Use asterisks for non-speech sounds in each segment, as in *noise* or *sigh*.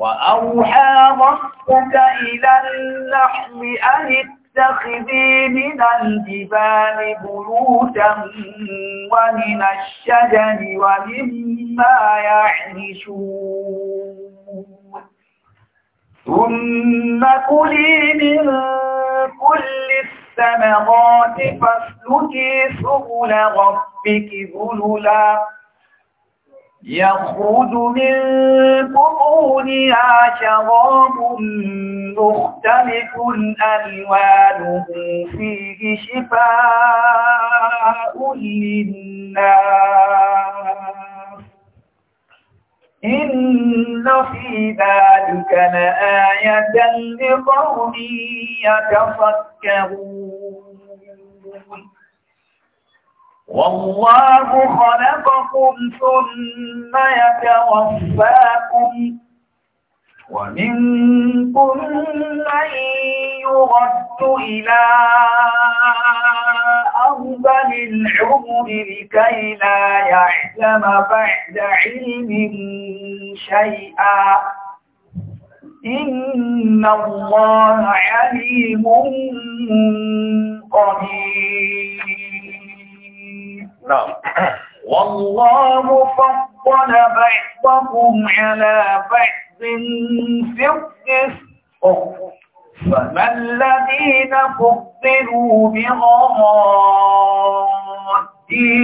وأوحى ربك إلى اللحم أن اتخذي من الجبال بيوتا ومن الشجر ومما يعيشون ثم كلي من كل الثمرات فاسلكي سبل ربك ذللا يخرج من بطونها شراب مختلف ألوانه فيه شفاء للناس إن في ذلك لآية لقوم يتفكرون والله خلقكم ثم يتوفاكم ومنكم من يرد إلى أرض العمر لكي لا يعلم بعد علم شيئا إن الله عليم قدير نعم. *coughs* والله فضل بعضكم على بعض في الرزق فما الذين فضلوا بغراد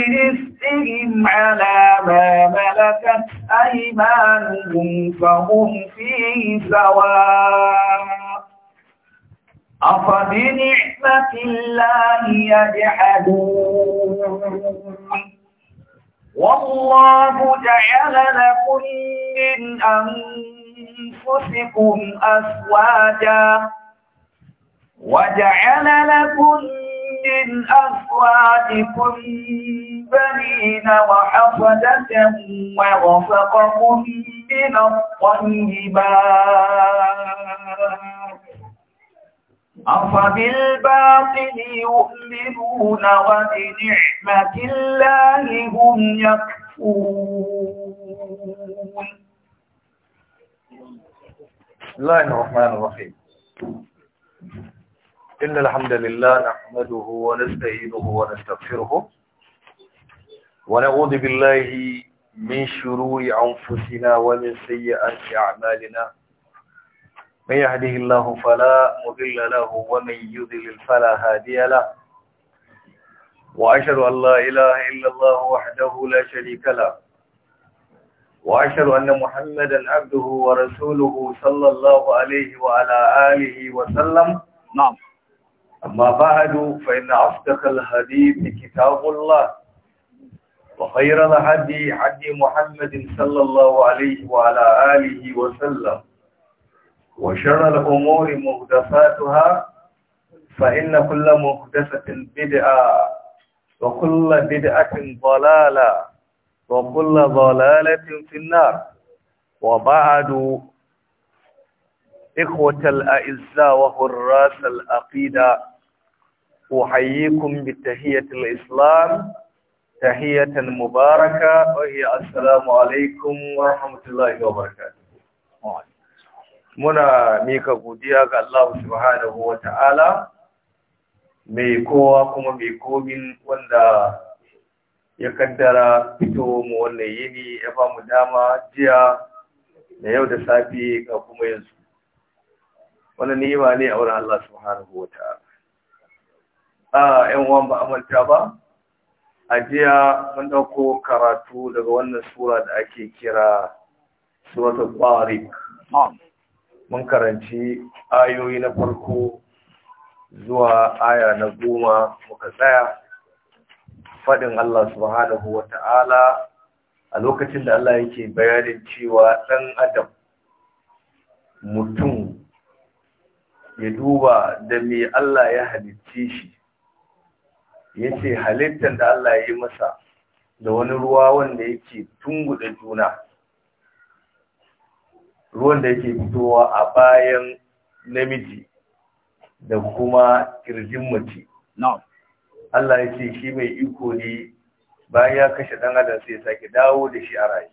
رزقهم على ما ملكت أيمانهم فهم فيه سواء أفبنعمة الله يجحدون والله جعل لكم من أنفسكم أزواجا وجعل لكم من أزواجكم بنين وحفدة ورزقكم من الطيبات أفبالباطل يؤمنون وبنعمة الله هم يكفرون بسم الله الرحمن الرحيم إن الحمد لله نحمده ونستعينه ونستغفره ونعوذ بالله من شرور أنفسنا ومن سيئات أعمالنا من يهده الله فلا مضل له ومن يضلل فلا هادي له وأشهد أن لا إله إلا الله وحده لا شريك له وأشهد أن محمدا عبده ورسوله صلى الله عليه وعلى آله وسلم نعم أما بعد فإن أصدق الحديث كتاب الله وخير الهدي حدي محمد صلى الله عليه وعلى آله وسلم وشر الأمور مهدفاتها فإن كل مهدفة بدعة وكل بدعة ضلالة وكل ضلالة في النار وبعد إخوة الأئزة وهراس الأقيدة أحييكم بتحية الإسلام تحية مباركة وهي السلام عليكم ورحمة الله وبركاته. muna mika godiya ga Allah subhanahu wa ta'ala mai kowa kuma mai gobin wanda ya kaddara fito mu wannan yini ya ba mu dama jiya da yau da safi ga kuma yanzu wani ni'ima ne a wurin Allah subhanahu wa ta'ala a yan uwan ba amanta ba a jiya mun ɗauko karatu daga wannan sura da ake kira suratul barik mun karanci ayoyi na farko zuwa aya na goma muka tsaya faɗin Allah subhanahu wa ta'ala a lokacin da Allah yake bayanin cewa ɗan adam mutum ya duba da me Allah ya halitce shi ya ce halittar da Allah ya yi masa da wani ruwa wanda yake da juna ruwan da yake fitowa a bayan namiji da kuma kirjin mace Allah ya ce shi mai iko ne bayan ya kashe ɗan adam sai sake dawo da shi a rayu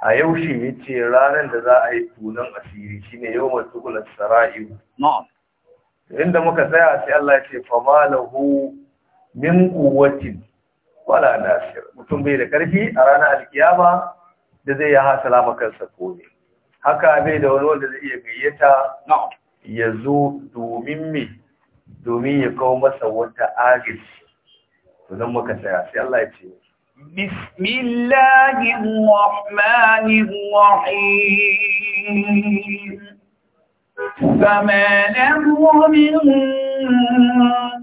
a yau shi ya ce ranar da za a yi tunan asiri shi ne yau mai tukunan sara'i inda muka tsaya sai Allah ya ce fama lahu min kuwatin wala nasir mutum bai da karfi a ranar alkiyama da zai ya hasala ma kansa kome haka bai da wani wanda zai iya gayyata ya zo domin me domin ya kawo masa wata agaji to nan muka tsaya sai Allah ya ce بسم الله الرحمن الرحيم فما له من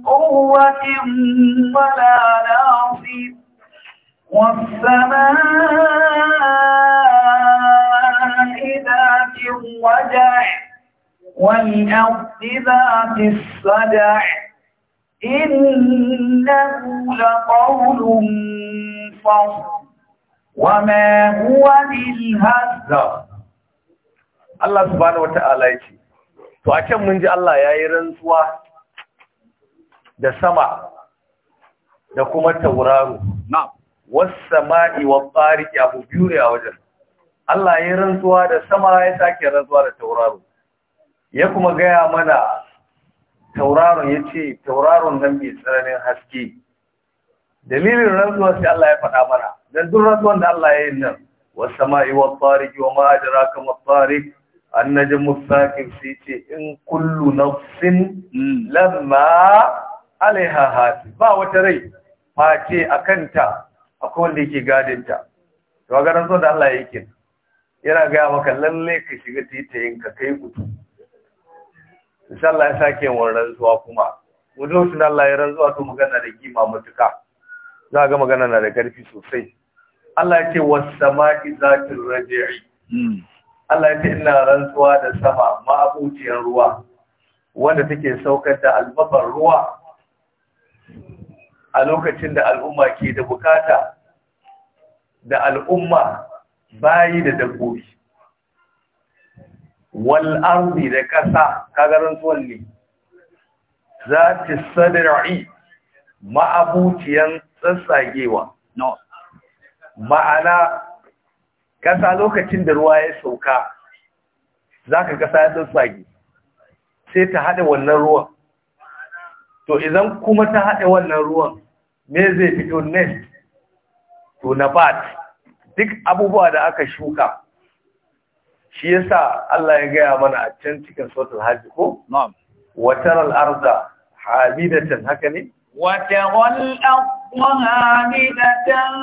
قوة ولا ناصر والسماء ذات الوجع والأرض ذات الصدع إنه لقول فصل وما هو بالهزة Allah subhanahu wa ta’ala ce, To, a can mun ji Allah ya yi rantsuwa da sama da kuma tauraro. Na’am. was-sama'i wat abu biyu ne a wajen Allah ya rantsuwa da sama ya sake rantsuwa da tauraro ya kuma gaya mana tauraron ya ce tauraron nan mai tsananin haske dalilin rantsuwa sai Allah ya faɗa mana don duk rantsuwan da Allah ya yi nan was-sama'i wat wa ma adraka wat-tariq annajmu as sai ce in kullu nafsin lamma alaiha hati ba wata rai face a kanta akwai wanda yake gadin ta to ga ran da Allah yake yana ga maka lalle ka shiga titayin ka kai gudu insha Allah ya sake wannan zuwa kuma wajen sun Allah ya ranzuwa to magana da kima mutuka za ga magana na da karfi sosai Allah ya ce was-sama'i zatir raji'i hmm. Allah ya ce ina rantsuwa da sama abuciyar ruwa wanda take saukar da albabar ruwa a lokacin da al'umma ke da bukata da al'umma bayi da dabbobi wal ardi da kasa ne za ta sadari ma'abuciyan tsatsagewa ma'ana kasa lokacin da ruwa ya sauka za ka kasa ya tsatsage sai ta haɗa wannan ruwan to idan kuma ta haɗa wannan ruwan meze fito next to nabat duk abubuwa da aka shuka shi yasa Allah ya gaya mana a can cikin suratul hajj ko na'am wa taral arda habidatan haka ne wa taral arda habidatan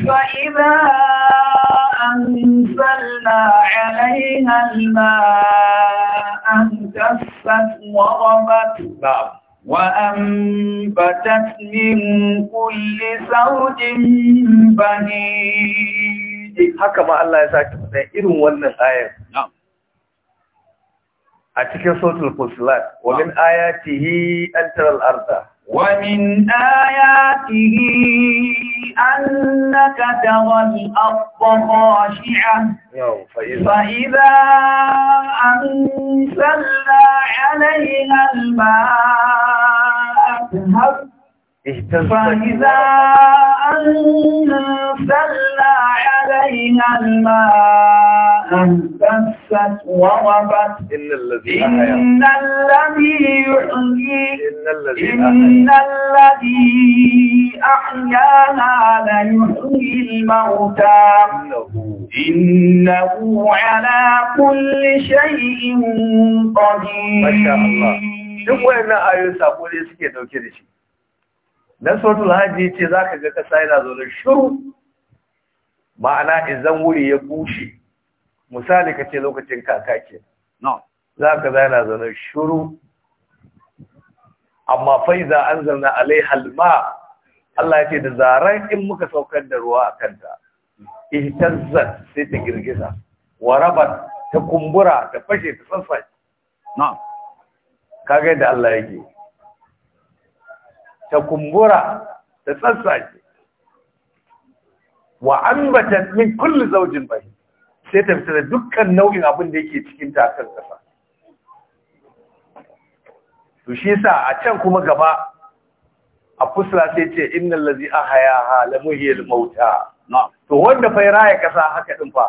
fa idha anzalna 'alayha al-ma'a tasfat wa rabat na'am وأنبتت من كل زوج بهيج haka ma Allah ya saki faɗin irin wannan ayar a cikin sautul fusilat wa min ayatihi an al-arda ومن آياته أنك ترى الأرض خاشعة فإذا أنزلنا عليها الماء فإذا أنزلنا عليها الماء اهتزت وربت إن الذي إن الذي يحيي إن الذي أحياها ليحيي الموتى إنه على كل شيء قدير ما شاء الله duk wayannan ayoyin sako ne suke dauke da shi dan sautul hajji ce zaka ka ga kasa yana zaune shiru ma'ana izan wuri ya bushe misali kace lokacin kakake no za ka yana zaune shiru amma faiza an zaune alai halma Allah ya da zarar in muka saukar da ruwa a kanta ihtazzat sai ta girgiza warabat ta kumbura ta fashe ta sassace kaga da Allah yake ta kumbura ta tsatsaki wa ambatan min kulli zawjin bai sai ta fita da dukkan nau'in abin da yake cikin ta kan kasa to shi yasa a can kuma gaba a fusla sai ce innal ladzi ahyaha la muhyil mauta to wanda fa raya kasa haka din fa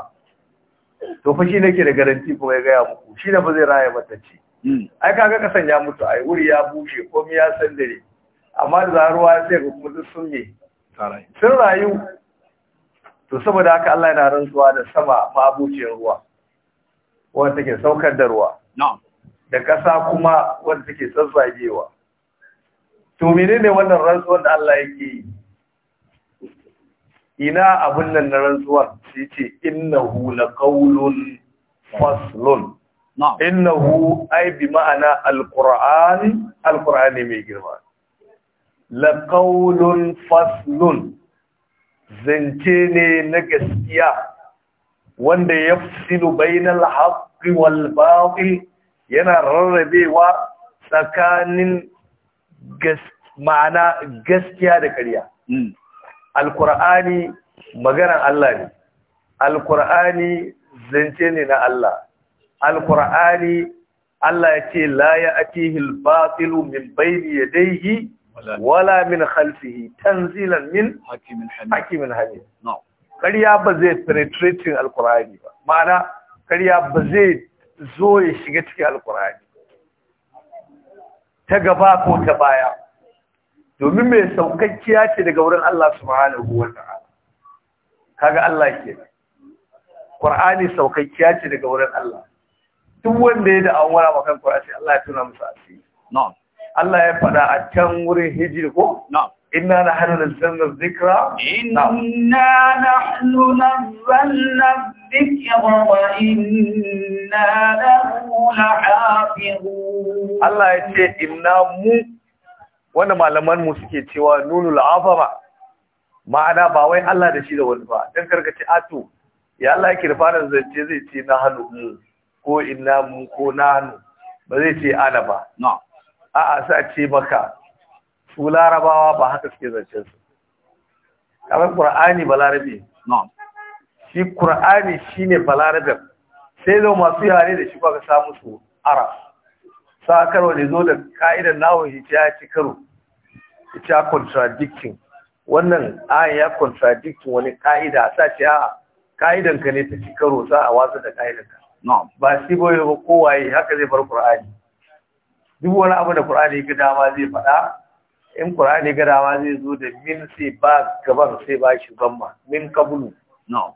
to fa shi nake da garanti ko ya gaya muku shi da ba zai raya matacce hmm. ai kaga kasan ya mutu ai wuri ya bushe komai ya sandare amma da zaruwa sai ga kuma sun yi. sun rayu to saboda haka Allah yana rantsuwa da sama abuciyar ruwa wanda take saukar da ruwa da ƙasa kuma wanda take tsatsagewa to menene wannan rantsuwar da Allah yake yi ina abun nan na rantsuwar Shi ce innahu laqawlun faslun innahu ay bi ma'ana alquran alqurani mai girma laƙaunun faslun zance ne na gaskiya wanda ya fasilu bainal haƙi wal baƙi yana rarrabewa tsakanin ma'ana gaskiya da ƙarya hmm. alkur'ani maganar Allah ne alkur'ani zance ne na Allah alkur'ani Allah ya ce la ya ake hilbatilu min bayni yadayhi wala min khalfihi tanzilan min hakimin hamid ƙarya ba zai penetrating alkurani ba ma'ana ƙarya ba zai zo ya shiga cikin alkurani ta gaba ko ta baya domin mai saukakkiya ce daga wurin Allah subhanahu wa ta'ala kaga Allah kenan Qur'ani saukakkiya ce daga wurin Allah duk wanda ya da'awara makan Qur'ani Allah ya tuna musu asiri na'am Allah ya faɗa a can wurin hijir ko? Inna na hannun zanar zikra? Inna na hannunan zanar zikra wa inna na hula Allah ya ce, Inna mu, wanda malaman mu suke cewa nuna la'afa ba, ma'ana ba wai Allah da shi da wani ba, Dan karkaci ato, ya Allah ya kirfana zance zai ce na hannu mu, ko inna mu ko na hannu, ba zai ce ana ba. a'a sai ce maka su larabawa ba haka suke zancen su kamar qur'ani balarabe no shi qur'ani shine balarabe sai zo masu yare da shi baka samu su arab sa karo ne zo da ka'idar nawo shi ya ci karo ita contradiction wannan ayan ya contradiction wani ka'ida sa ce a'a ka'idan ne ta ci karo sa a watsa da ka'idan ka ba shi boye ba kowaye haka zai bar qur'ani duk wani abu da ƙur'ani ga dama zai faɗa in ƙur'ani ga dama zai zo da min sai ba gaban sai ba shi gamma min kabulu no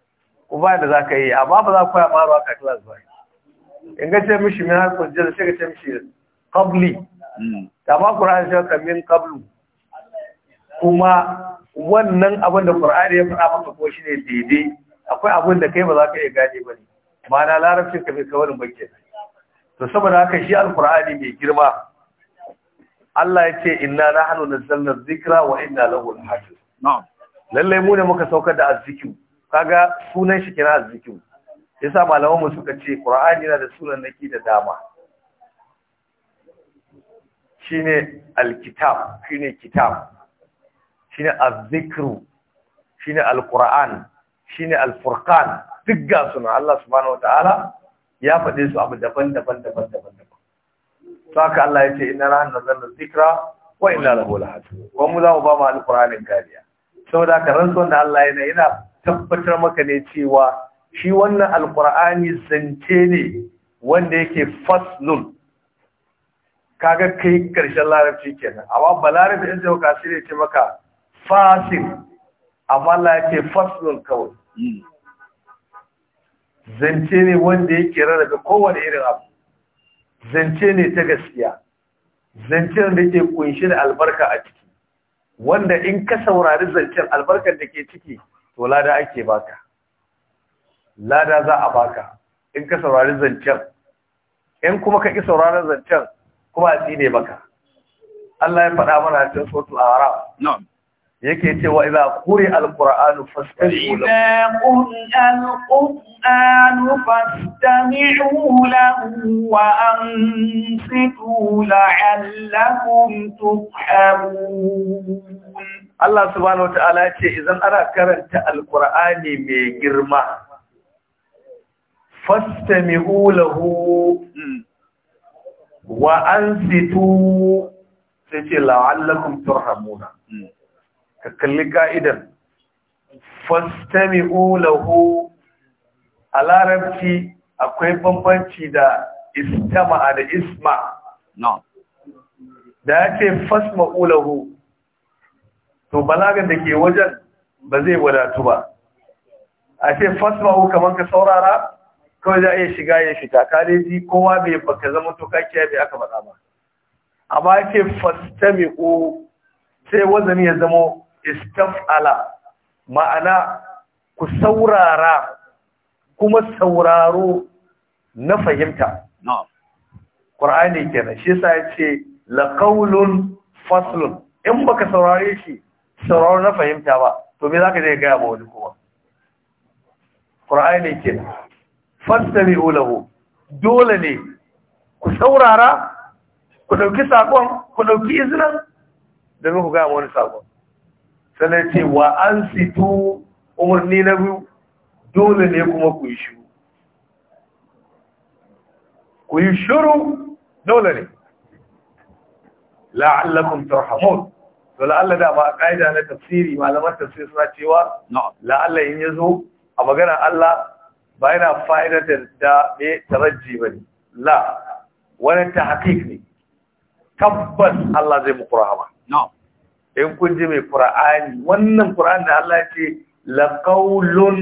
ku ba da zaka yi amma ba za ku koya maro aka class ba in ga ce mishi min har kujjar sai ga ce mishi qabli mm. amma ƙur'ani sai ka min kabulu kuma wannan abin da ƙur'ani ya faɗa maka ko ne daidai akwai abin da kai ba za ka iya gane ba ne ma'ana larabcin ka bai kawarin bakke da saboda haka shi alkur'ani mai girma Allah ya ce inna nahnu nazzalna dhikra wa inna lahu lahafiz na'am lalle mu ne muka saukar da azzikiu kaga sunan shi kina azzikiu yasa malaman mu suka ce qur'ani yana da sunan naki da dama shine alkitab shine kitab shine azzikru shine alqur'an shine alfurqan duk ga sunan Allah subhanahu Ta'ala. ya faɗi su abu daban-daban daban-daban daban ka Allah ya ce ina ran nazalna zikra ina na lahu hatu. Ko mu za mu ba mu alƙur'anin kariya saboda ka rantsu da Allah yana yana tabbatar maka ne cewa shi wannan Alƙur'ani zance ne wanda yake faslun kaga kai ƙarshen larabci kenan amma balarabi in zai ka sai ce maka fasil amma Allah ya ce faslun kawai zance ne wanda yake rana daga kowane irin abu zance ne ta gaskiya zancen da ke kunshi da albarka a ciki wanda in ka saurari zancen albarkar da ke ciki to lada ake baka lada za a baka in ka saurari zancen in kuma ka ki sauraron zancen kuma a tsine baka Allah ya faɗa mana sotu a haram yake cewa iza kure alqur'anu fastami'u idza alqur'anu fastami'u lahu wa ansitu la'allakum turhamun Allah subhanahu Ta'ala ce idan ana karanta alqur'ani mai girma fastami'u lahu wa ansitu sai ce la'allakum turhamuna hmm. ka kalli ka'idar fastami'u lahu a larabci akwai bambanci da istama'a da isma da ya ce fasma'u lahu to balagan da ke wajen ba zai wadatu ba a ce fasma'u kamar ka saurara kawai za a iya shiga ya fita kareji kowa bai baka zama to kakiya bai aka bada ba amma ce fastami'u sai wazani ya zama istaf'ala ma'ana ku saurara kuma sauraro na fahimta ƙur'ani kenan shi yasa yace ce laqawlun faslun in baka saurare shi sauraro na fahimta ba to me zaka je ga wani kuma ƙur'ani kenan fastami'u lahu dole ne ku saurara ku dauki sakon ku dauki izinin domin ku ga wani sakon sannan ce wa an situ umarni na biyu dole ne kuma ku yi shiru ku yi shiru dole ne la'allakun turhamun to la'alla da ba ƙa'ida na tafsiri malaman tafsir suna cewa la'alla in yazo a magana Allah ba yana fa'idatar da me taraji ne la wani ta ne tabbas Allah zai muku ƙura in kun ji mai qur'ani wannan qur'ani da Allah ya ce laqaulun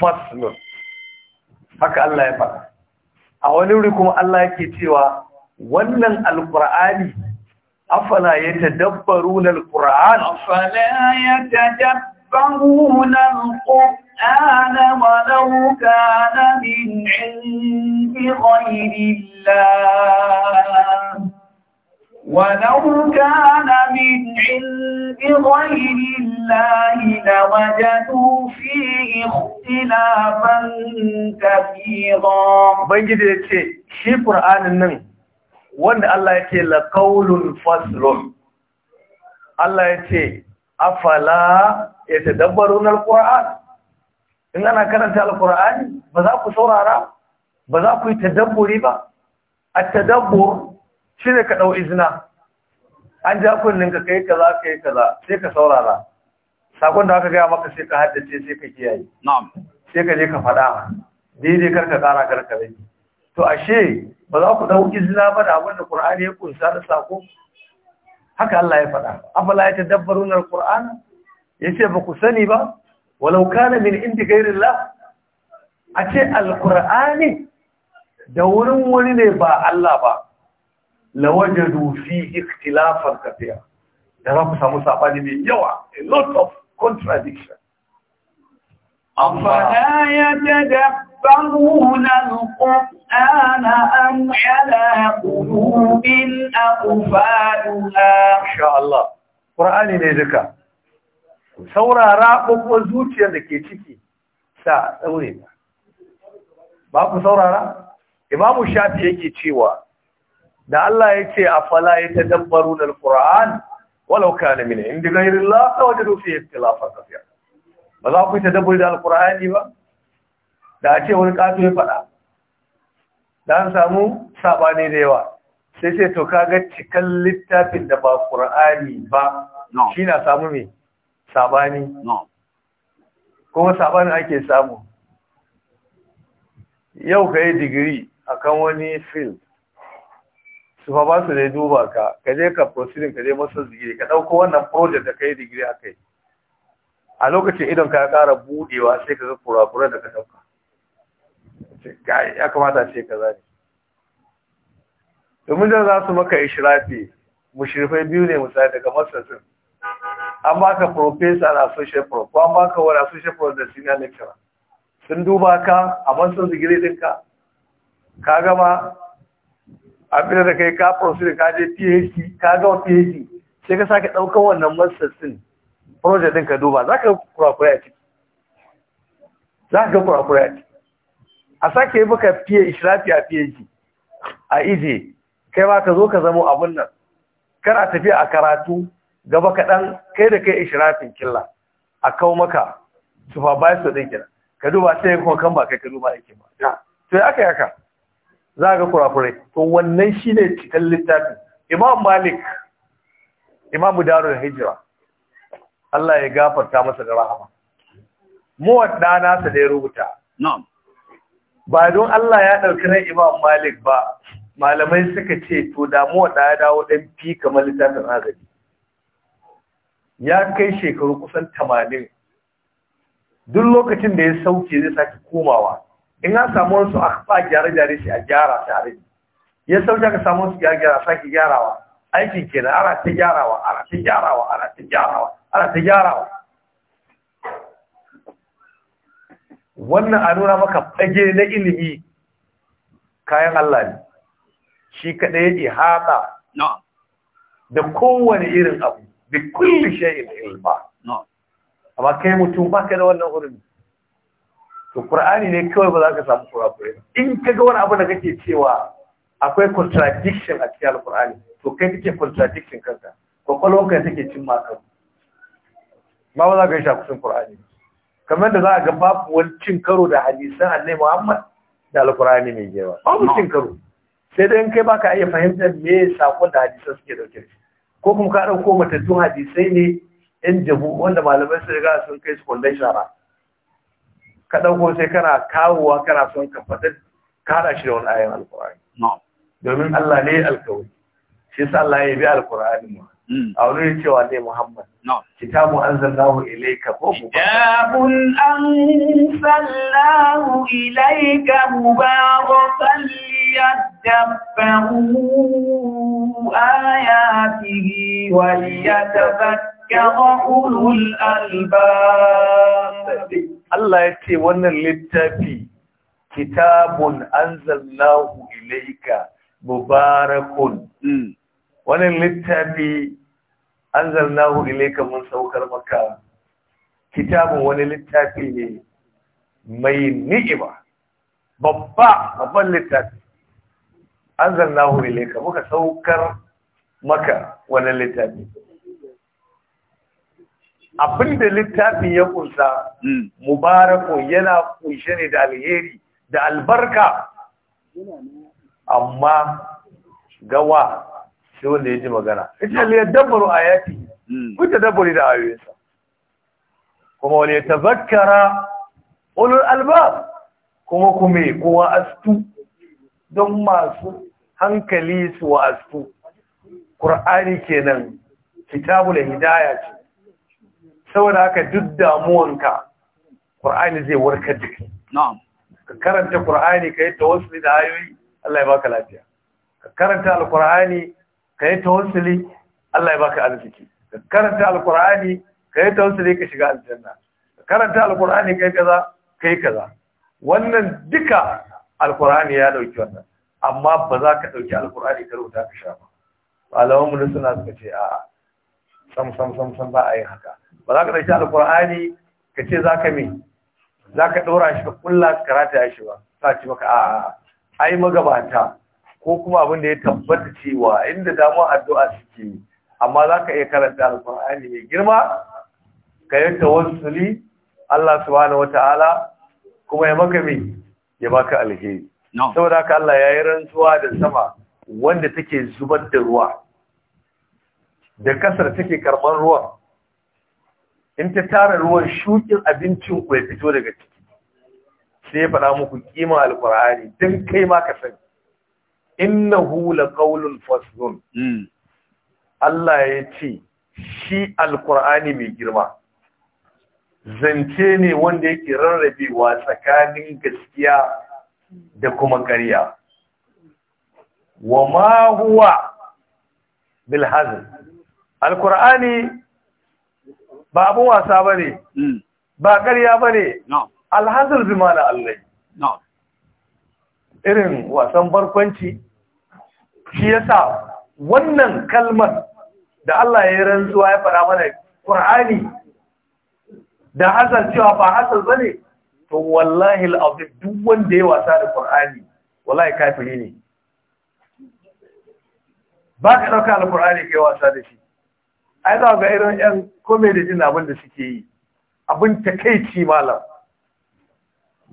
faslun haka Allah ya faɗa a wani wuri kuma Allah ke cewa wannan alqur'ani afala yatadabbaruna alqur'an afala yatadabbaruna alqur'an walau na min 'indi bi Allah ولو كان من عند غير الله لوجدوا فيه اختلافا كثيرا بنجد يتشي شي قرآن النمي وان الله يتشي لقول فصل الله يتشي أفلا يتدبرون القرآن إن أنا كانت على القرآن بذاك سورة بذاك يتدبري با التدبر shi ne ka ɗau izina an ja kunnin ka kai kaza kai kaza sai ka saurara sakon da aka gaya maka sai ka haddace sai ka kiyaye sai ka je ka faɗa daidai karka ƙara karka rage to ashe ba za ku ɗau izina ba da abin da ƙur'ani ya kunsa da sako haka Allah ya faɗa afala ya tadabbarun ya ce ba ku sani ba walau kana min indi la? a ce Alƙur'ani? da wurin wani ne ba Allah ba lawajadu fi ikhtilafan kathira da za ku samu sabani mai yawa a lot of contradiction أفلا يتدبرون القرآن أم على a. أقفالها إن شاء qurani ne duka saurara ƙwaƙwa zuciyar da ke ciki sa tsaure ba ku saurara imamu shafi yake cewa da Allah ya ce a afala yatadabbaruna alquran walau kana min indi ghayri Allah lawajadu fihi ikhtilafan kathira ba za ku yi dabbaru da alqurani ba da a ce wani kato ya faɗa da an samu saɓani da yawa sai sai to kaga cikan littafin da ba ƙura'ani ba shi na samu mai saɓani kuma saɓani ake samu yau ka yi digiri a kan wani fil su fa ba su ne duba ka ka je ka proceeding ka je masu zigiri ka ɗauko wannan project da ka yi digiri a kai a lokacin idon ka ƙara buɗewa sai ka ga kurakuran da ka ɗauka ya kamata ce ka zane domin da za su maka ishirafi mushrifai biyu ne misali daga masasin an baka professor associate social pro ko an baka wani social pro da senior lecturer sun duba ka a masan digiri ɗinka ka gama abin da kai ka professor ka je PhD ka ga PhD sai ka sake ɗaukar wannan masters din project din ka duba za ka kurakurai a ciki za ka kurakurai a ciki a sake yi baka PhD ishrafi a PhD a ije kai ba ka zo ka zama abun nan kana tafiya a karatu gaba kaɗan kai da kai ishirafin killa a kawo maka supervisor din kira ka duba sai kuma kan ba kai ka duba aikin ba to ya aka yaka za ga kurafurai. to wannan shine cikin littafin imam malik Imam darul hijira Allah ya gafarta masa da rahama mu wadda nasa da ya rubuta na'am ba don Allah ya ɗauki ran imam malik ba malamai suka ce to da wadda ɗaya dawo ɗan fi kamar littafin azabi ya kai shekaru kusan tamanin duk lokacin da ya sauke zai sake komawa in an samu wasu a ba gyare-gyare sai a gyara tare ya sauya ka samu wasu gyara-gyara sake gyarawa aikin kenan ana ta gyarawa ana ta gyarawa ana ta gyarawa ana ta gyarawa wannan a nuna maka fage na ilimi kayan Allah ne shi kaɗai ya ihata da kowane irin abu da kulli shay'in ilma amma kai mutum baka da wannan hurumi to qur'ani ne kawai ba za ka samu ba in ka ga wani abu da kake cewa akwai contradiction a cikin alqur'ani to kai kake contradiction kanka kwakwalwarka take cin makar ma ba za ka yi shakusun qur'ani kamar da za a ga babu wani cin karo da hadisan annabi muhammad da alqur'ani mai yawa babu cin karo sai dai in kai baka iya fahimtar me sakon da hadisan suke dauke da shi ko kuma ka dauko matattun hadisai ne yan jabu wanda malamai su riga sun kai su kwandon shara ka ɗauko sai kana kawowa kana son ka faɗa kada shi da wani ayan alkur'ani domin Allah ne alkawari shi sa Allah ya bi alkur'ani mu mm. a wurin cewa ne Muhammad kitabun anzalnahu ilayka ko kitabun anzalnahu ilayka mubarakan liyadabbaru ayatihi wa liyatafakkaru Allah ya ce wannan littafi kitabun anzallahu ilaika mubarakun hmm. wannan littafi anzallahu ilaika mun saukar maka kitabun wani littafi ne mai ni'ima babba babban littafi anzallahu ilaika muka saukar maka wannan littafi abin da littafin ya kunsa hmm. Mubaraku yana kunshe ne da alheri da albarka amma gawa shi wanda ya ji magana ita ne dabbaru a yaki hmm. ta dabbari da ayoyinsa kuma wani ya tazakkara ulul albab kuma kuma kuwa astu don masu hankali su wa astu ƙura'ani kenan da hidaya ce saboda haka duk damuwanka ƙur'ani zai warkar da kai ka karanta ƙur'ani ka yi tawassuli da ayoyi Allah ya baka lafiya ka karanta alƙur'ani ka yi tawassuli Allah ya baka arziki ka karanta alƙur'ani ka yi tawassuli ka shiga aljanna ka karanta alƙur'ani ka yi kaza ka yi kaza wannan duka alƙur'ani ya ɗauki wannan amma ba za ka ɗauki alƙur'ani ka rubuta ka sha ba mu suna suka ce a'a sam sam sam sam ba a yi haka ba za ka ɗauki alƙur'ani ka ce za ka me za ka ɗora shi ka ƙulla ka shi ba sa ci maka a'a ai magabata ko kuma abin da ya tabbata cewa inda damar addu'a suke amma za ka iya karanta Alƙur'ani mai girma ka yi tawassuli Allah subhanahu wata'ala kuma ya maka mai ya baka alheri saboda ka Allah ya yi rantsuwa da sama wanda take zubar da ruwa da kasar take karɓar ruwan. in ta tara ruwan shukin abincin ku ya fito daga ciki sai ya faɗa muku kima alkur'ani don kai ma ka sani innahu laqawlun faslun mm. Allah ya ce shi alkur'ani mai girma zance ne wanda yake rarrabewa tsakanin gaskiya da kuma ƙarya wa ma huwa bil alkur'ani ba abin wasa ba ne hmm. ba ƙarya ba ne alhazar zimana allai irin wasan barkwanci shi yasa wannan kalmar da Allah ya yi rantsuwa ya faɗa mana ƙur'ani da hasar cewa ba hasar ba ne to wallahi al'adun duk wanda ya wasa da ƙur'ani wallahi kafin ne ba ka ɗauka al'ƙur'ani ƙurani wasa da shi ai za ga irin yan da din abin da suke yi abin ci malam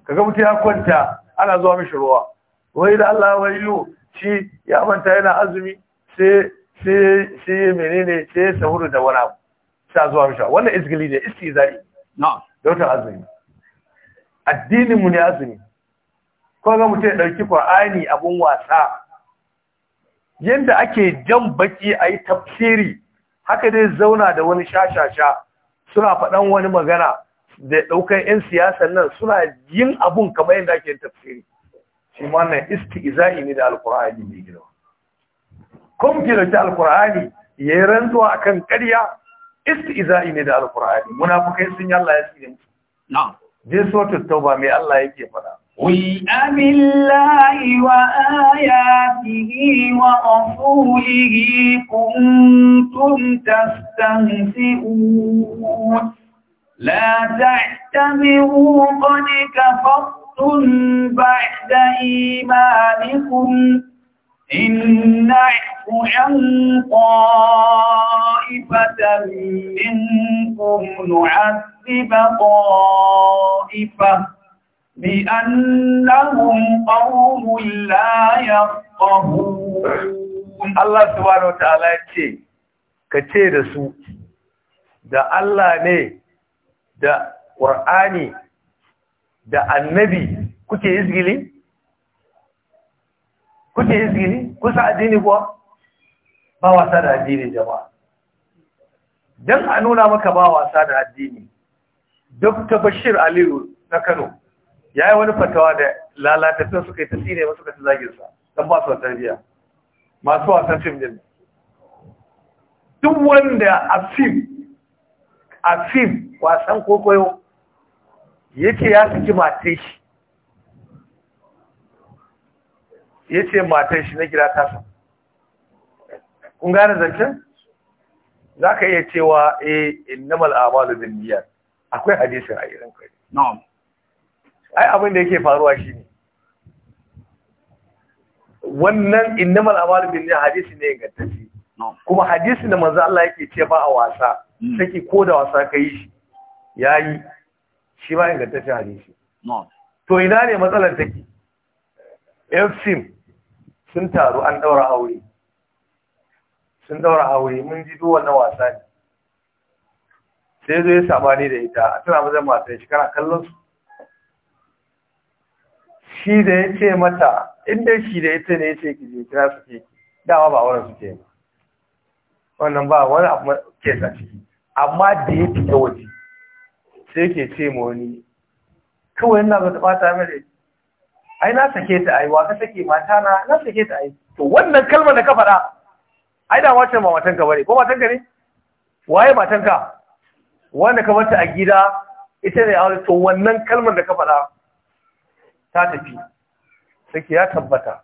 kaga mutum ya kwanta ana zuwa mishi ruwa wai da Allah wayo shi ya manta yana azumi sai sai sai menene sai sahuru da wani abu sai zuwa mishi wannan isgili ne istizai Na dautar azumi addinin mu ne azumi ko ga mutum ya dauki Qur'ani abun wasa yanda ake jan baki ayi tafsiri haka dai zauna da wani shashasha suna faɗan wani magana da ɗaukar 'yan siyasan nan suna yin abun kamar yadda ake tafsiri shi ma isti iza'i ne da alkur'ani mai girma kun kiranta alkur'ani ya yi rantsuwa a kan ƙarya iza'i ne da alkur'ani fukai sun yi Allah ya tsire mutu je so tattauba mai Allah yake faɗa قل أب الله وآياته ورسوله كنتم تستهزئون لا تعتبروا قد كفرتم بعد إيمانكم إن نعف عن طائفة منكم نعذب طائفة بأنهم قوم لا يفقهون الله سبحانه وتعالى يقول kace da su da Allah ne da Qur'ani da Annabi kuke izgili kuke izgili kusa addini kuwa ba wasa da addini jama'a Don a nuna maka ba wasa da addini Dr. Bashir Aliyu na Kano ya yi wani fatawa da lalatattun suka yi ta tsire masu kasu zaginsa don ba su wata biya masu wasan fim din duk wanda a fim a fim wasan kokoyo ya ce ya saki matai shi ya ce matai shi na gida tasa kun gane zancen za ka iya cewa a eh, innamal amalu bin biyar. akwai hadisun a irin kai na'am ai abin da yake faruwa shi ne wannan innamal amalu bin hadisi ne ingantacce kuma hadisi da manzo Allah yake ce ba a wasa mm. saki ko da wasa kai shi yayi shi ba ingantacce hadisi to ina ne matsalar take fsim sun taru an daura aure sun daura aure mun ji duk wannan wasa ne sai zai ya sabani da ita a tana mazan matan shi kana kallon su shi da ya ce mata inda shi da ita ne ya ce ki jikira kira su ke dama ba auren su ke wannan ba wani abu ke sa ciki amma da ya fita waje sai ke ce ma wani kawai yana zata bata mai ai na sake ta ai wa sake mata na na sake ta ai to wannan kalmar da ka faɗa ai da wace ma matan ka bare ko matan ka ne waye matan ka wanda ka bar ta a gida ita ne aure to wannan kalmar da ka faɗa ta tafi take ya tabbata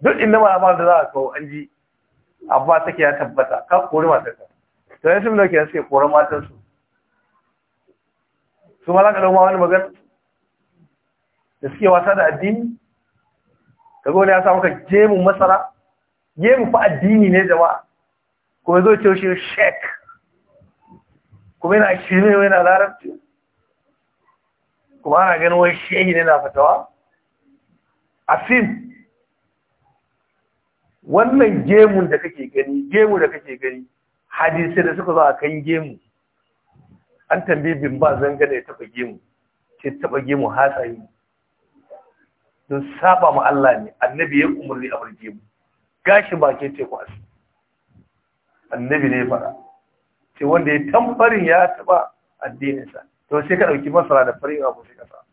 duk inda ma amma da za a kawo an ji amma take ya tabbata ka kori matarka to yanzu mun dauke suke koran matarsu su ma za ka dauma wani magana da suke wasa da addini ka wani ya samu ka jemu masara jemu fa addini ne jama'a kuma zo ce shi shek kuma yana shirme yana larabci kuma ana ganin wai shehi ne na fatawa asim wannan gemun da kake gani gemu da kake gani hadisai da suka zo a kan gemu an tambayi bin ba zangana ya taba gemu ce taba gemu hatsari don saba ma Allah ne annabi ya umarni a gemu gashi ba ke teku asu annabi ne fara ce wanda ya tambarin ya taba addininsa to sai ka ɗauki masara da farin abu sai ƙasa.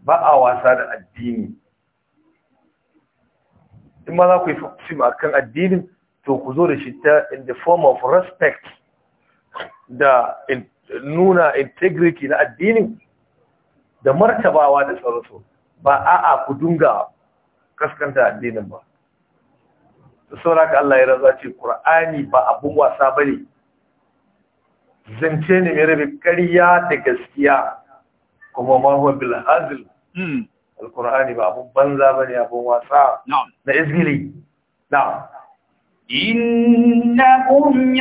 ba a wasa da addini in ma za ku yi fim a kan addinin to ku zo da shi ta in the form of respect da nuna integrity na addinin da martabawa da tsaraso ba a'a ku dunga kaskanta addinin ba sauraka Allah ya raza ce ƙura'ani ba abin wasa ba ne. zance ne mai rabe ƙarya da gaskiya kuma mahuwa bilhazil hmm. alkur'ani ba abun banza ba ne abun wasa na izgili na Inna إنهم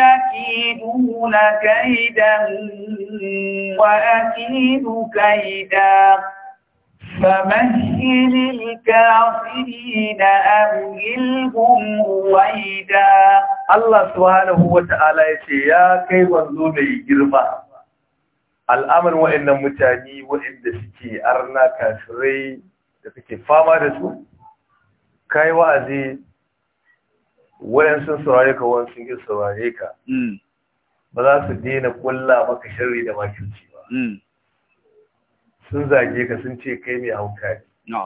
kaidan wa akidu kaidan فمهل الكافرين أمهلهم رويدا الله سبحانه وتعالى يقول يا كيف الظلم girma. al'amarin waɗannan mutane waɗanda suke arna kafirai da suke fama da su kai wa'azi waɗansu sun saurare ka wani sun yi saurare ka ba za su daina kulla maka shirri da makirci ba sun zage ka sun ce kai mai hauka ne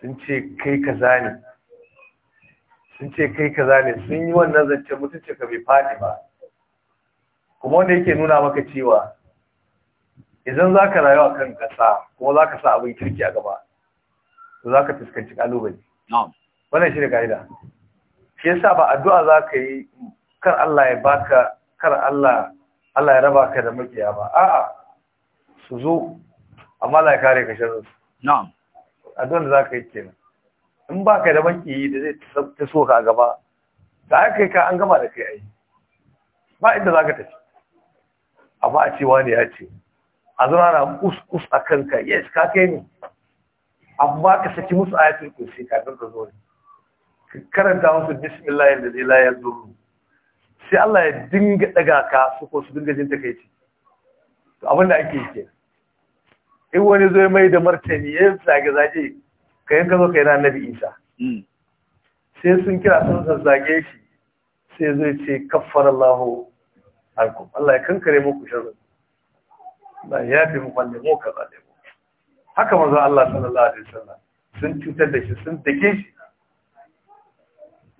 sun ce kai ka ne sun ce kai ka ne sun yi wannan zance mutunci ka bai faɗi ba kuma wanda yake nuna maka cewa idan za ka rayu a kan ƙasa kuma za ka sa abin kirki a gaba to za ka fuskanci ƙalubale wannan shi ne ƙa'ida shi yasa ba addu'a za ka yi kar Allah ya baka kar Allah Allah ya raba ka da makiya ba a'a su zo amma la kare ka su na'am don da ka yi kenan in ba ka da banki da zai ta so ka a gaba da aka yi ka an gama da kai ai ba inda za ka tafi amma a cewa ne ya ce a zama na kus-kus a kanka yes ka kai ne amma ka saki musu ayatul kursi kafin ka zo ne ka karanta musu bismillah da zai layar zuru sai Allah ya dinga daga ka su ko su dinga jin takaici abin da ake yi kenan in wani zai mai da martani ya zage zage ka yanka zo kai na annabi isa hmm. sai sun kira sun zage shi sai zai ce kafar Allahu ankum Allah ya kankare muku shirin ba ya fi muku wanda mu kaza da mu haka manzo Allah sallallahu alaihi wasallam sun cutar da shi sun dake shi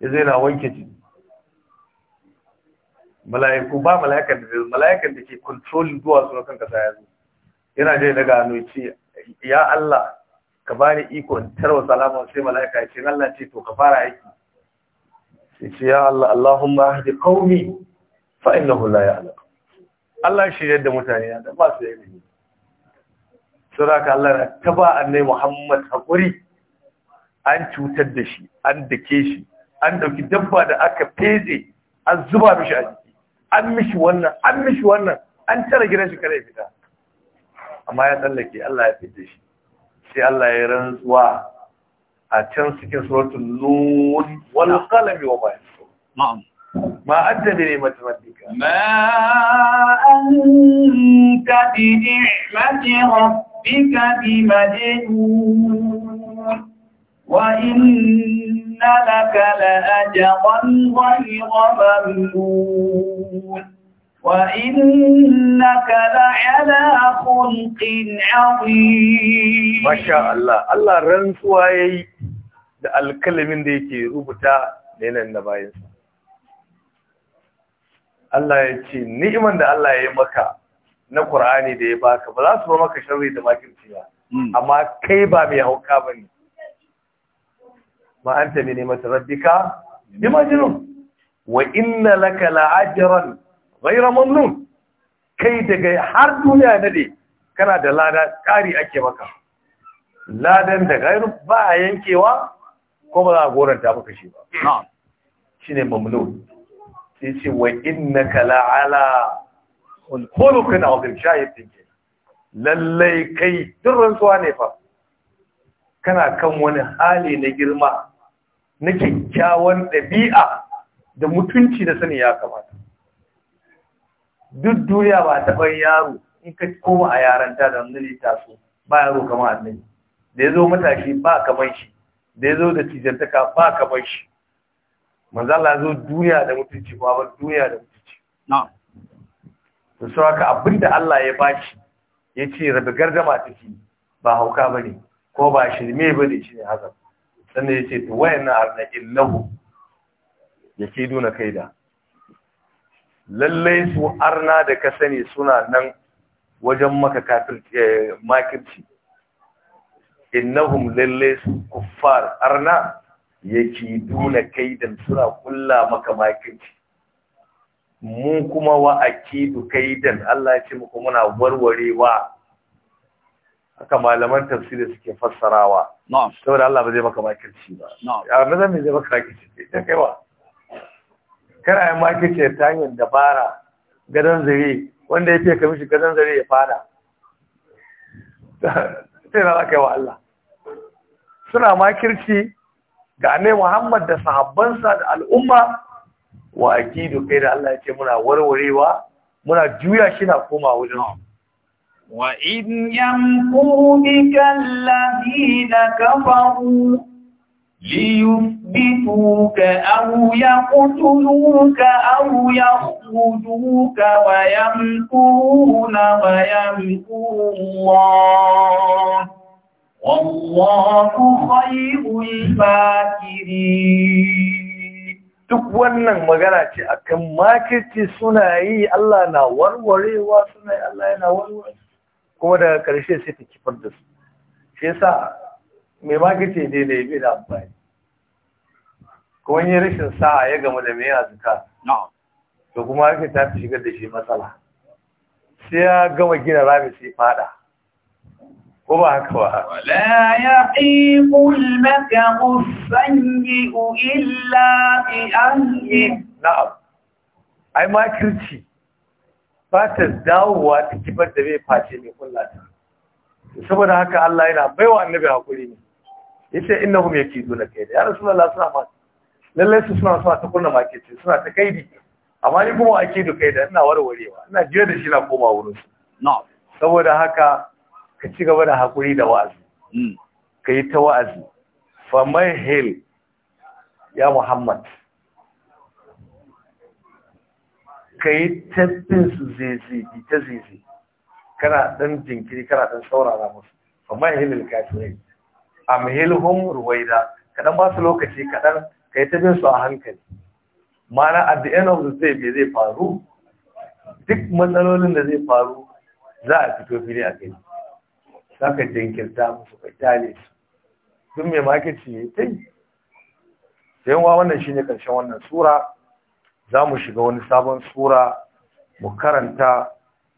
ya zai na wanke jini mala'iku ba mala'ikan da mala'ikan da ke kontrolin duwatsu na kan kasa yanzu yana je daga hannu ce ya Allah ka bani ikon tarwa salama sai mala'ika ya ce Allah ce to ka fara aiki sai ce ya Allah Allahumma hadi qaumi fa innahu la ya'lam Allah shi yadda mutane ya da ba su yi ne ka Allah na ta ba annai Muhammad hakuri an cutar da shi an dake shi an dauki dabba da aka feze an zuba mishi a jiki an mishi wannan an mishi wannan an tara gidan shi kare fita amma ya tsallake Allah ya fita shi sai Allah ya rantsuwa a can cikin suratul nun wal qalami wa ba'd na'am ma ajjada ne matamaddika ma anta bi ni'mati rabbika bi wa inna laka la ajran ghayra mamnun وإنك لعلى خلق عظيم ما Allah. Allah rantsuwa رنسوا da alkalamin da yake rubuta da yanayin da bayansa. Allah ya ce, Ni'iman da Allah ya yi maka na Kur'ani da ya baka, ba za su ba maka sharri da makirci ba, hmm. amma kai ba mai hauka ba ne. Ma'anta ne mata rabbika, imajinu, wa inna laka la'ajiran غير mamnun kai daga har duniya na kana da lada kari ake maka ladan da gairu ba a yankewa ko ba za a goranta maka shi ba shi ne mamnun sai ce wa inna kala ala hulkulukin abin shahidin ke lallai kai duk rantsuwa ne fa kana kan wani hali na girma na kyakkyawan ɗabi'a da mutunci da sani ya kamata duk duniya ba taɓa yaro in ka koma a yaranta da wani ta so ba yaro kamar annabi da ya zo matashi ba kamar shi da ya zo da cijantaka ba kamar shi manzo Allah zo duniya da mutunci ba ba duniya da mutunci na'am to saboda abinda Allah ya bashi yace rabi gardama take ba hauka bane ko ba shirme bane shi ne haka sannan yace to wayanna arna illahu kai kaida lallai su arna da ka sani suna nan wajen maka kafir eh, makirci innahum lallai su kuffar arna yake duna kaidan suna kulla maka makirci mu kuma wa akidu kaidan Allah ya ce muku muna warwarewa haka malaman tafsiri suke fassarawa na'am saboda Allah ba zai maka makirci ba na'am ya zan me zai maka makirci kai ba kar a yi ta hanyar dabara gadon zuri wanda ya ce ka mishi gadon zare ya fada sai na zaka yi wa Allah suna makirci ga annai Muhammad da sahabbansa da al'umma wa akidu kai da Allah ya ce muna warwarewa muna juya shi na koma wajen wa in yamku bika alladhina kafaru ليثبتوك أو يقتلوك أو يخرجوك ويمكون ويمكر الله والله خير الفاكرين duk wannan magana ce akan makirci suna yi Allah na warwarewa suna yi Allah yana warware kuma daga ƙarshe sai ta kifar da su mai magace ne da ya bai da amfani kuma yi rashin sa'a ya gama da mai azuka to kuma ake ta fi shigar da shi matsala sai ya gama gina rami sai fada ko ba haka ba wala yahiqul makaru sayyi'u illa bi ahli na'am ai kirci ba ta dawowa ta kibar da bai face mai kullata saboda haka Allah yana baiwa annabi hakuri ne yace innahum yakiduna kaida ya rasulullah suna ma lalle su suna suna ta kunna kici suna ta kaidi amma ni kuma akidu kaida ina warwarewa ina jiya da shi na koma wurin su na saboda haka ka ci gaba da hakuri da wa'azi hmm. ka yi ta wa'azi famai hil ya muhammad ka yi bin su zai ta zai kana dan jinkiri kana dan saurara musu famai hil kafirai amhilhum ruwaida kadan ba su lokaci kadan kai ta bin su a hankali mana at the end of the day zai faru duk matsalolin da zai faru za a fito fili a kai za ka jinkirta musu ka kyale su mai makici ya yi sai wa wannan shine karshen wannan sura za mu shiga wani sabon sura mu karanta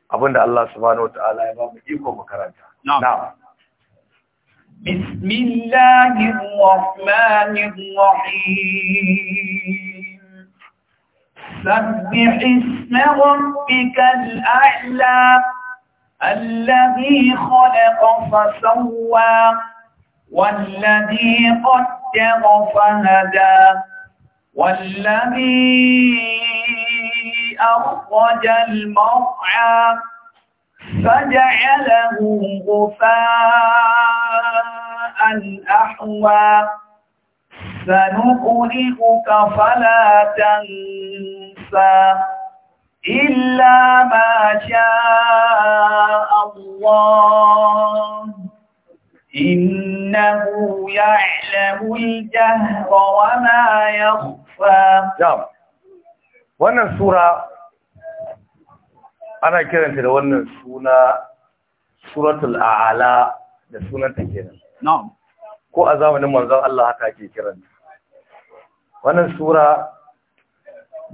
abinda Allah subhanahu wa ta'ala ya ba mu iko mu karanta na'am بسم الله الرحمن الرحيم سبح اسم ربك الأعلى الذي خلق فسوى والذي قدر فهدى والذي أخرج المرعى فجعله غفاء الأحوى سنقرئك فلا تنسى إلا ما شاء الله إنه يعلم الجهر وما يخفى wannan sura ana kiranta da wannan suna suratul a'ala da sunanta kenan ko a zamanin manzon Allah haka ke kiranta wannan sura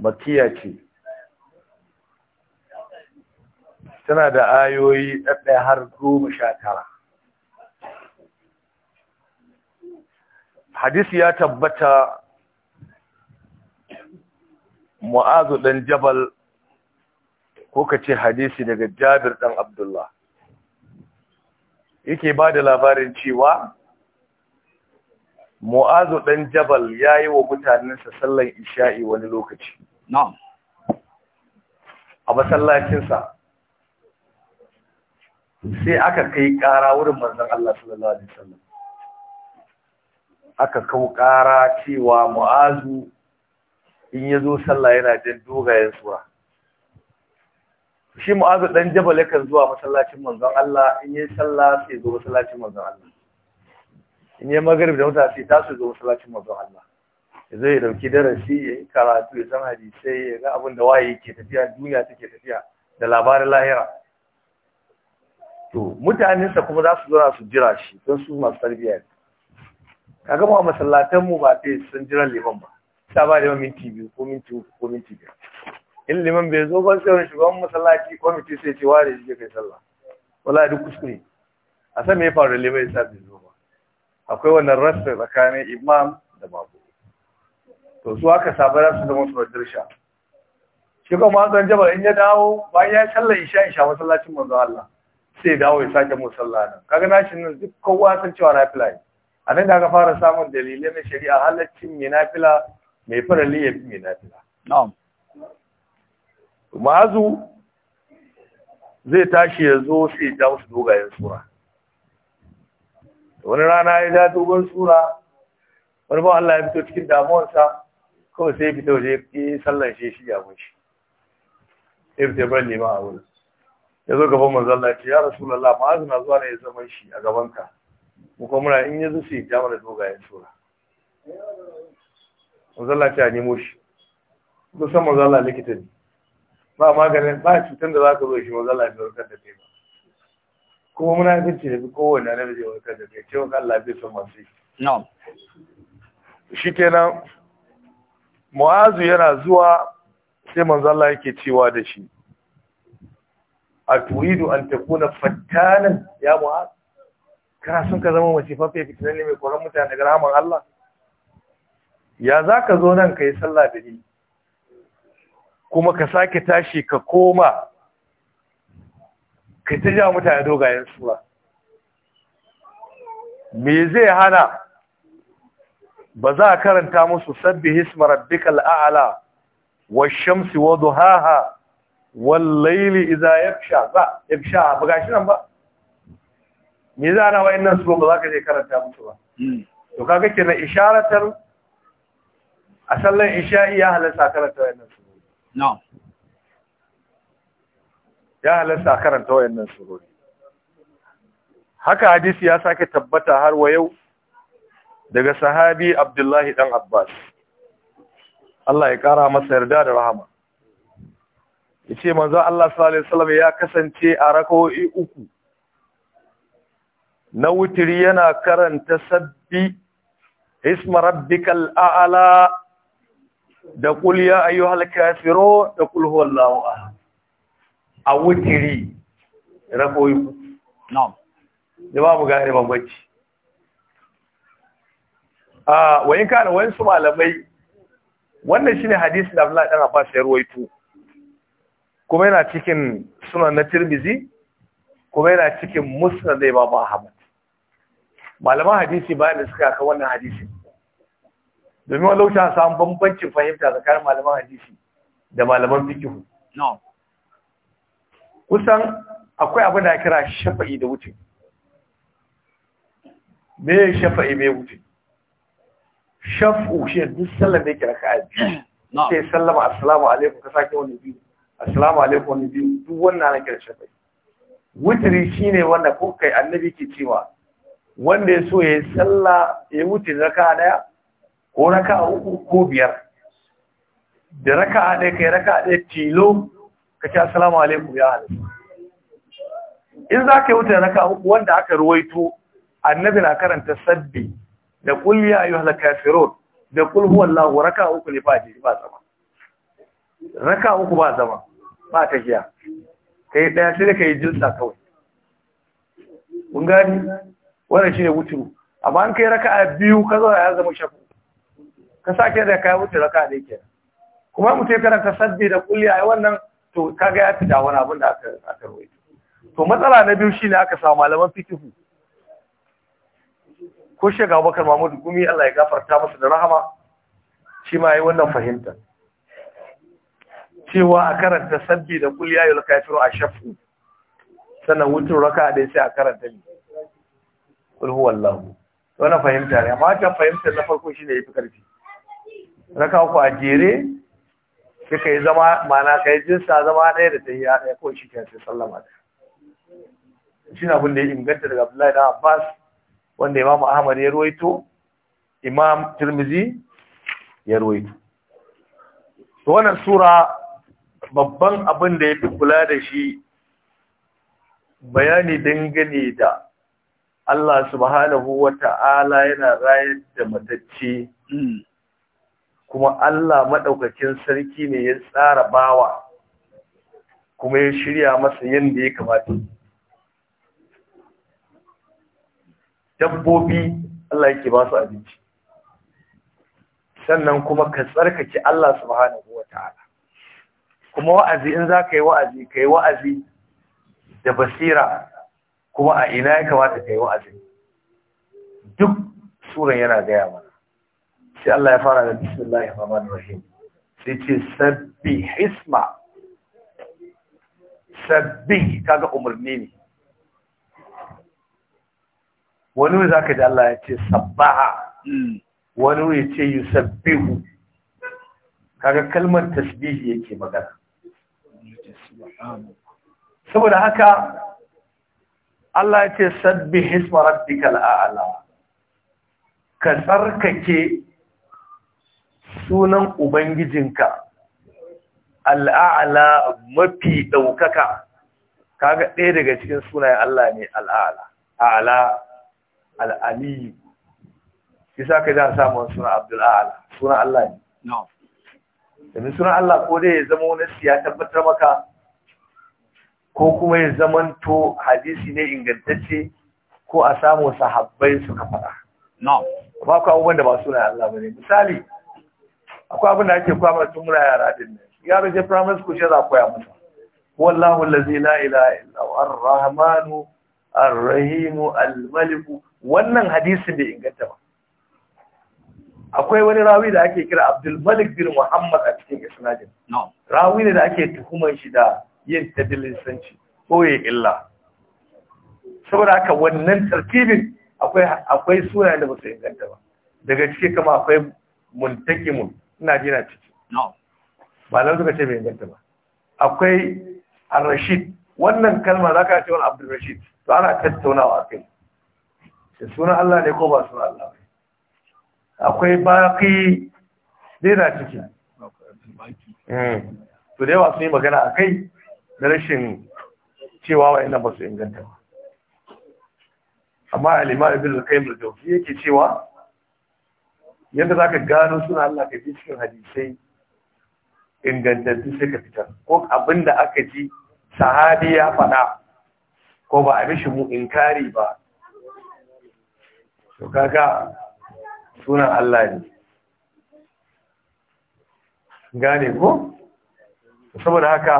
makiya ce tana da ayoyi ɗaɗɗaya har goma sha tara hadisi ya tabbata mu'azu ɗan jabal ko ka ce hadisi daga jabir ɗan abdullah yake ba da labarin cewa mu'azu ɗan jabal ya yi wa mutanensa sallan isha'i wani lokaci a masallacinsa sai aka kai ƙara wurin manzan Allah sallallahu Alaihi wasallam aka kawo ƙara cewa mu'azu in ya zo sallah yana jin dogayen sura shi mu'azu dan jabal yakan zuwa masallacin manzon Allah in yi sallah sai zo masallacin manzon Allah in yi magrib da wuta sai tasu zo masallacin manzon Allah zai dauki darasi ya yi karatu ya san hadisai ya ga abin da waye ke tafiya duniya take tafiya da labarin lahira to sa kuma za su zura su jira shi don su masu tarbiyya ne kaga mu masallatan mu ba sai sun jira liman ba ta ba da minti biyu ko minti uku ko minti biyar in liman bai zo ba sai shugaban masallaci kwamiti sai ce ware shi kai sallah wala duk kuskure a san me ya faru liman yasa bai zo ba akwai wannan rasta tsakanin imam da babu. to su aka saba su zama su bar sha shi kuma mazan in ya dawo bayan ya sallar isha isha masallacin manzo Allah sai dawo ya sake musalla nan kaga shi nan duk kowa san cewa na filaye. a nan da aka fara samun dalilai na shari'a halaccin mai nafila mai farali ya fi mai nafila na'am ma'azu zai tashi ya zo sai ya ja musu dogayen sura wani rana ya ja dogon sura wani ba Allah ya fito cikin damuwarsa kawai sai ya fito waje ya sallan shi shi jamun shi ya fito bar nema a wurin ya zo gaban manzo ce ya rasulullah ma'azu na zuwa ne ya zama shi a gaban ka mu kuma muna in ya zo sai ya ja mana dogayen sura manzo Allah ce a nemo shi kusan manzo Allah likita ne ba maganin ba cutar da za ka zo shi matsala biyar warkar da kai ba kuma muna yi da fi kowane na zai warkar da kai cewa Allah bai son masu yi shi kenan mu'azu yana zuwa sai Manzala yake cewa da shi a turidu an takuna fattanan ya mu'azu kana son ka zama fafe fitinan ne mai koran mutane daga rahaman Allah ya za ka zo nan ka yi sallah da ni kuma ka sake tashi ka koma ka ta ja mutane dogayen sura me zai hana ba za a karanta musu sabbi hismar rabbikal a'la wa shamsi wa duhaha Laili, iza idha yabsha ba yabsha ba gashi nan ba me za a nawa wayannan su ba za ka je karanta musu ba hmm. to kaga kenan isharatar a sallan isha'i ya halasta karanta wayannan su ya halasta karanta wayannan surori haka hadisi ya sake tabbata har wa yau daga sahabi Abdullahi dan Abbas Allah ya kara masa yarda da rahama yace manzo Allah sallallahu alaihi wasallam ya kasance a rak'o'i uku na wutiri yana karanta sabbi isma rabbikal a'la da kul ya ya kafiro da kul huwallahu ahad a wutiri rakoyi na'am da babu gane bambanci ah wayin kana wayin su malamai wannan shine hadisi da Abdullahi dan Abbas ya ruwaito kuma yana cikin sunan na Tirmidhi kuma yana cikin Musnad da Imam Ahmad malaman hadisi bayan da suka ka wannan hadisi domin wani lokacin a samun bambancin fahimta tsakanin malaman hadisi da malaman fikihu kusan akwai abin da kira shafa'i da wuce me shafa'i me wuce shaf'u shi duk sallar da yake raka'a biyu *coughs* sai sallama asalamu alaikum ka sake wani biyu Asalamu alaikum wani biyu duk wannan na kira shafa'i wutiri ne wanda ko kai annabi ke cewa wanda ya so ya yi sallah ya wuce raka'a daya ko raka uku ko biyar da raka a ɗaya kai raka a ɗaya tilo ka ce asalamu alaikum ya halittu in za ka yi wuta raka uku wanda aka ruwaito annabi na karanta sabbi da kul ya ayyuhal kafirun da kulhuwan lagu raka uku ne ba ji ba zama raka uku ba zama ba ta giya yi ɗaya sai ka yi jinsa kawai kun gani wannan ne wuturu amma an kai raka biyu ka zauna ya zama shafi ka sake da kai wuce raka da kenan. kuma mutum ya karanta sabbi da kulli ai wannan to kaga ya fita wani abin da aka aka rawaito to matsala na biyu shine aka samu malaman fikihu ko shega Abubakar Mahmud Gumi Allah ya gafarta masa da rahama shi ma yayi wannan fahimta cewa a karanta sabbi da kulli ayyul kafiru ashafu sannan wutun raka da sai a karanta ni kul huwallahu wannan fahimta ne amma ta fahimta na farko shine yafi karfi raka ku a jere ka yi zama mana kai jinsa zama ɗaya da ta yi ya ko shi ke sallama ta shi na abin da ya inganta daga Abdullahi da Abbas wanda Imam Ahmad ya ruwaito Imam turmizi ya ruwaito to wannan sura babban abin da ya fi kula da shi bayani dangane da Allah subhanahu wa ta'ala yana rayar da matacce hmm. kuma Allah maɗaukakin sarki ne ya tsara bawa kuma ya shirya masa yadda ya kamata dabbobi Allah yake ba su abinci sannan kuma ka tsarkake Allah subhanahu wata'ala kuma wa'azi in za ka yi wa'azi ka yi wa'azi da basira kuma a ina ya kamata ka yi wa'azi duk suran yana gaya mana sai Allah ya fara da bismillahir rahmanir rahim sai ce sabbi hisma sabbi kaga umarni ne wani wani zaka ji Allah ya ce sabbaha wani wani ya ce yusabbihu kaga kalmar tasbihi yake magana saboda haka Allah ya ce sabbi hisma rabbikal a'la ka tsarkake sunan ubangijinka al'a'ala mafi ɗaukaka kaga ɗaya daga cikin sunayen Allah ne al'a'ala a'ala al'aliyu isa ka ja samun suna abdul'a'ala sunan Allah ne domin sunan Allah ko dai ya zama wani siya tabbatar maka ko kuma ya zama to hadisi ne ingantacce ko a samu sahabbai suka faɗa. Ba ku abubuwan da ba suna Allah ba ne. Misali, akwai abin da ake koya mana tun muna yara din ne ya je primary school shi za koya musu wallahu allazi la ilaha illa huwa ar-rahmanu ar wannan hadisin bai inganta ba akwai wani rawi da ake kira Abdul Malik bin Muhammad a cikin isnadin rawi ne da ake tuhumar shi da yin tadilisanci ko ya illa saboda haka wannan tartibin akwai akwai sunayen da ba inganta ba daga ciki kama akwai muntakimun ina ji na ciki malam suka ce bai inganta ba akwai al-rashid wannan kalma za ka ce wani abdul rashid to ana tattaunawa a kai da suna Allah ne ko ba suna Allah ne akwai baki dai na ciki hmm. to da yawa sun yi magana a kai da rashin cewa wa wa'annan ba su inganta ba amma alima ibn al-qayyim al yake cewa yadda za ka gano suna Allah ka fi cikin hadisai ingantattu sai ka fitar ko abin da aka ji sahadi ya faɗa ko ba a mishi mu inkari ba to kaka sunan Allah ne gane ko saboda haka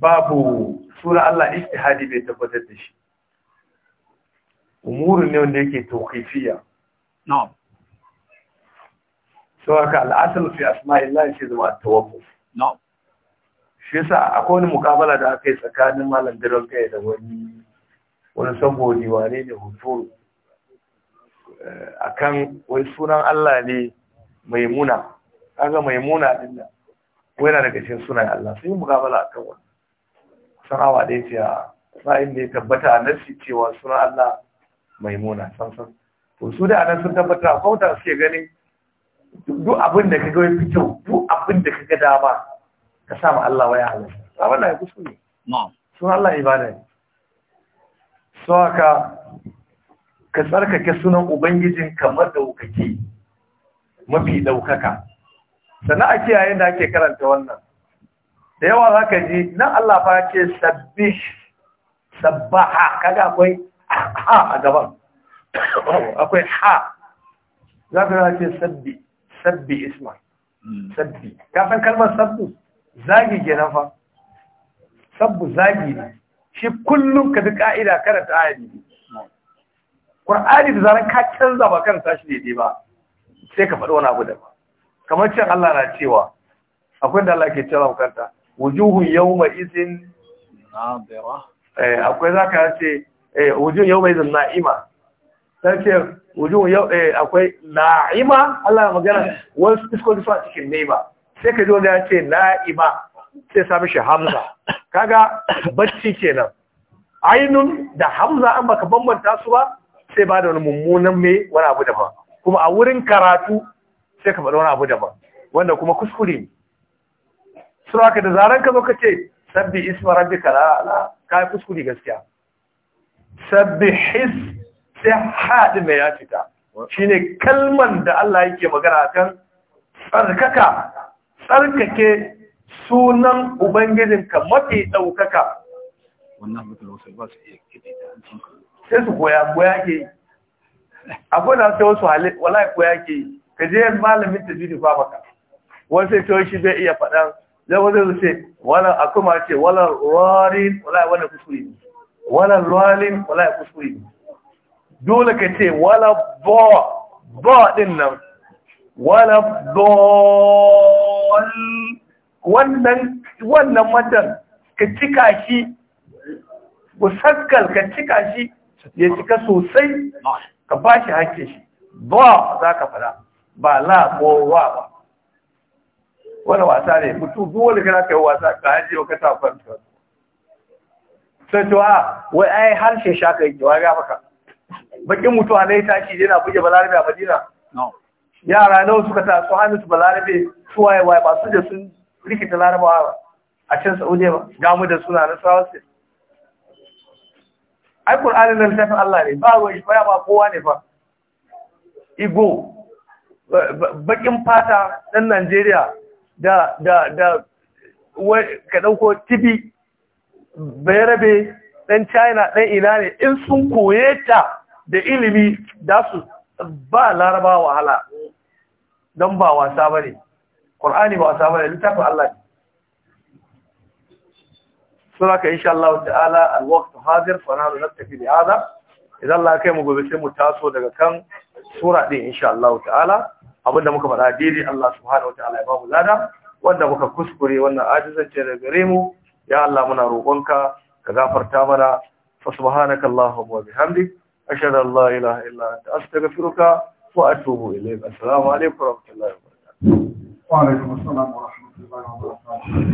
babu sunan Allah ijtihadi bai tabbatar da shi umurin ne wanda yake tokifiya na'am sau haka al'asar fi asma'illah shi zama tawakuf shi yasa akwai wani mukabala da aka yi tsakanin malam biron kai da wani wani saboda wane ne hutu eh, akan wai sunan Allah ne maimuna mai maimuna din nan yana daga shi sunan Allah Sun yi mukabala kan wani san awa da a sa'in da ya tabbata a nasi cewa sunan Allah maimuna san san to su da anan sun tabbata a kauta suke ganin duk abin da kaga yafi kyau duk abin da kaga dama ka sa ma Allah waya halin ba da ya kuskure na'am sun Allah ibada ne so haka ka tsarkake sunan ubangijin kamar da kake mafi daukaka sannan a kiyaye da ake karanta wannan da yawa za ka ji nan Allah fa ce sabbish sabbaha kaga akwai ha a gaban *coughs* akwai ha za ka ce sabbi sabbi isma hmm. sabbi ka san kalmar sabbu zagi kenan fa sabbu zagi ne shi kullum ka duk ka'ida karanta ayati Qur'ani da zaren ka canza ba karanta shi daidai ba sai ka faɗi wani abu da ba kamar cin Allah na cewa akwai da Allah ke cewa karanta wujuhun yawma izin nadira eh akwai zaka ce eh yau mai izin na'ima sarki ce yau yau eh, akwai na'ima Allah ya magana wasu su a cikin nema sai ka ji wanda ya ce na'ima sai sami shi hamza kaga bacci kenan ainun da hamza an baka bambanta su ba sai ba da wani mummunan mai wani abu daban kuma a wurin karatu sai ka faɗi wani abu daban wanda kuma kuskure ne ka da zaren ka zo ka ce sabbi isma rabbi kala ka yi kuskure gaskiya sabbi his sai haɗin da ya fita Shi ne kalman da Allah yake magana kan tsarkaka tsarkake sunan ubangijinka mafi ɗaukaka Wannan wasu iya sai su goya goya ke yi akwai na sai wasu halin wala goya ke yi ka je malamin ta jini ba maka wani sai ta shi zai iya faɗan zai wani zai ce wala akuma ce wala rorin wala wani wala rorin wala dole ka ce wala ba ba din nan wala dol wannan wannan matan ka cika shi musakkal ka cika shi ya cika sosai ka ba shi hake shi ba za ka fara ba la ko wa ba wani wasa ne mutu dole kana kai wasa ka haje ka kasa farko sai tuwa ah, wai ai harshe shaka yi wa ya maka bakin mutuwa na yi tashi yana buge balarabe a madina yara nawa suka ta su hamisu balarabe su waye waye ba su da sun rikita larabawa a can saudiya ba gamu da suna na sarawar sai. ai Kur'anin na littafin allah ne ba wai shi ba ba kowa ne ba igbo bakin fata dan najeriya da da da ka dauko tibi bayarabe dan china dan ina ne in sun koye ta da ilimi da su ba laraba wahala don ba wasa ba ne ƙor'ani ba wasa ba ne littafin Allah ne suna ka insha Allah ta'ala alwaqtu hadir fa nahnu naktafi da yada idan Allah kai mu gobe sai mu taso daga kan sura din insha Allah ta'ala abinda muka faɗa daidai Allah hada wa ta'ala ya ba mu lada wanda muka kuskure wannan ajizance da gare mu ya Allah muna roƙonka ka gafarta mana fa subhanaka Allahumma wa bihamdika أشهد أن لا إله إلا أنت أستغفرك وأتوب إليك السلام عليكم ورحمة الله وبركاته وعليكم السلام ورحمة الله وبركاته